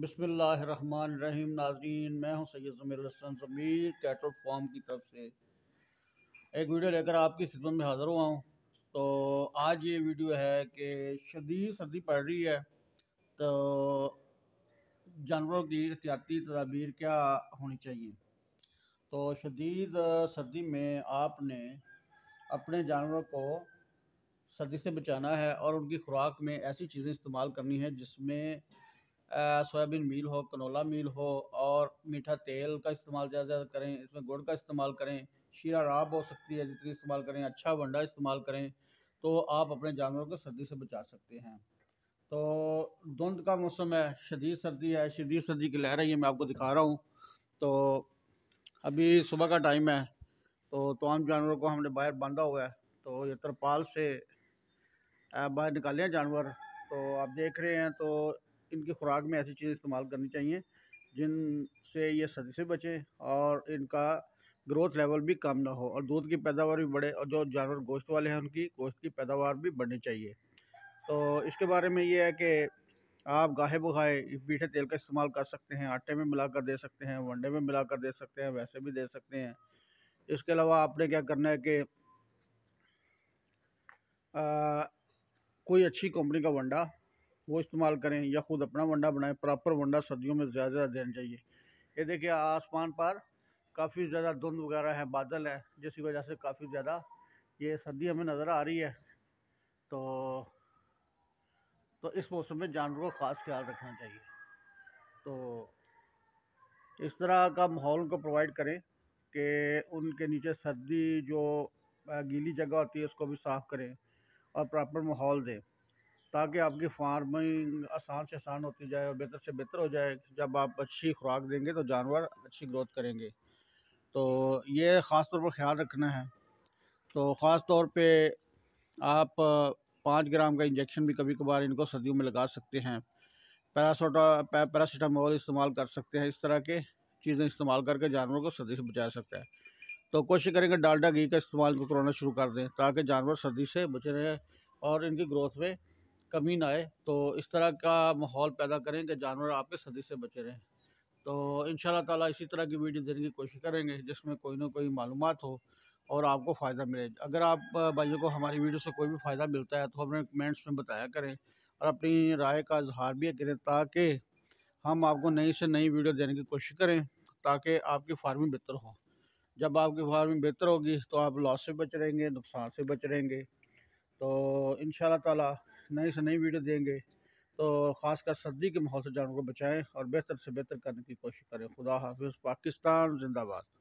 बसमिल्लाम नाजरीन मैं हूं सैयद ज़मीर हसन ज़मीर कैटोट फॉर्म की तरफ से एक वीडियो लेकर आपकी खिदमत में हाज़िर हुआ हूं तो आज ये वीडियो है कि शदीद सर्दी पड़ रही है तो जानवरों की एहतियाती तदाबीर क्या होनी चाहिए तो शदीद सर्दी में आपने अपने जानवरों को सर्दी से बचाना है और उनकी खुराक में ऐसी चीज़ें इस्तेमाल करनी है जिसमें सोयाबीन मील हो कनोला मील हो और मीठा तेल का इस्तेमाल ज़्यादा ज़्यादा करें इसमें गुड़ का इस्तेमाल करें शीरा राब हो सकती है जितनी इस्तेमाल करें अच्छा वंडा इस्तेमाल करें तो आप अपने जानवरों को सर्दी से बचा सकते हैं तो धुंध का मौसम है शदीद सर्दी है शदीद सर्दी की लहर है ये मैं आपको दिखा रहा हूँ तो अभी सुबह का टाइम है तो तमाम जानवरों को हमने बाहर बांधा हुआ है तो ये तरपाल से बाहर निकाले हैं जानवर तो आप देख रहे हैं तो इनकी खुराक में ऐसी चीज़ें इस्तेमाल करनी चाहिए जिनसे ये सर्दी से बचें और इनका ग्रोथ लेवल भी कम ना हो और दूध की पैदावार भी बढ़े और जो जानवर गोश्त वाले हैं उनकी गोश्त की पैदावार भी बढ़नी चाहिए तो इसके बारे में ये है कि आप गाहे बुगाहे बीठे तेल का इस्तेमाल कर सकते हैं आटे में मिलाकर दे सकते हैं वनडे में मिलाकर दे सकते हैं वैसे भी दे सकते हैं इसके अलावा आपने क्या करना है कि आ, कोई अच्छी कंपनी का वंडा वो इस्तेमाल करें या ख़ुद अपना वंडा बनाएं प्रॉपर वंडा सर्दियों में ज़्यादा ज़्यादा देना चाहिए ये देखिए आसमान पर काफ़ी ज़्यादा धुंध वगैरह है बादल है जिसकी वजह से काफ़ी ज़्यादा ये सर्दी हमें नज़र आ रही है तो तो इस मौसम में जानवरों का ख़ास ख्याल रखना चाहिए तो इस तरह का माहौल को प्रोवाइड करें कि उनके नीचे सर्दी जो गीली जगह होती है उसको भी साफ़ करें और प्रॉपर माहौल दें ताकि आपकी फार्मिंग आसान से आसान होती जाए और बेहतर से बेहतर हो जाए जब आप अच्छी खुराक देंगे तो जानवर अच्छी ग्रोथ करेंगे तो ये ख़ास तौर पर ख्याल रखना है तो ख़ास तौर पे आप पाँच ग्राम का इंजेक्शन भी कभी कभार इनको सर्दियों में लगा सकते हैं पैरासोटा पैरासीटामोल इस्तेमाल कर सकते हैं इस तरह के चीज़ें इस्तेमाल करके जानवरों को सर्दी से बचा सकते हैं तो कोशिश करेंगे डालडा घी का इस्तेमाल को करना शुरू कर दें ताकि जानवर सर्दी से बचे रहें और इनकी ग्रोथ में कमी ना आए तो इस तरह का माहौल पैदा करें कि जानवर आपके सदी से बचे रहें तो इन ताला इसी तरह की वीडियो देने की कोशिश करेंगे जिसमें कोई ना कोई मालूम हो और आपको फ़ायदा मिले अगर आप भाइयों को हमारी वीडियो से कोई भी फ़ायदा मिलता है तो हमें कमेंट्स में बताया करें और अपनी राय का इजहार भी करें ताकि हम आपको नई से नई वीडियो देने की कोशिश करें ताकि आपकी फार्मिंग बेहतर हो जब आपकी फार्मिंग बेहतर होगी तो आप लॉस से बच रहेंगे नुकसान से बच रहेंगे तो इन ताला नए से नई वीडियो देंगे तो ख़ासकर सर्दी के माहौल से जानवर को बचाएं और बेहतर से बेहतर करने की कोशिश करें खुदा हाफिज़ पाकिस्तान जिंदाबाद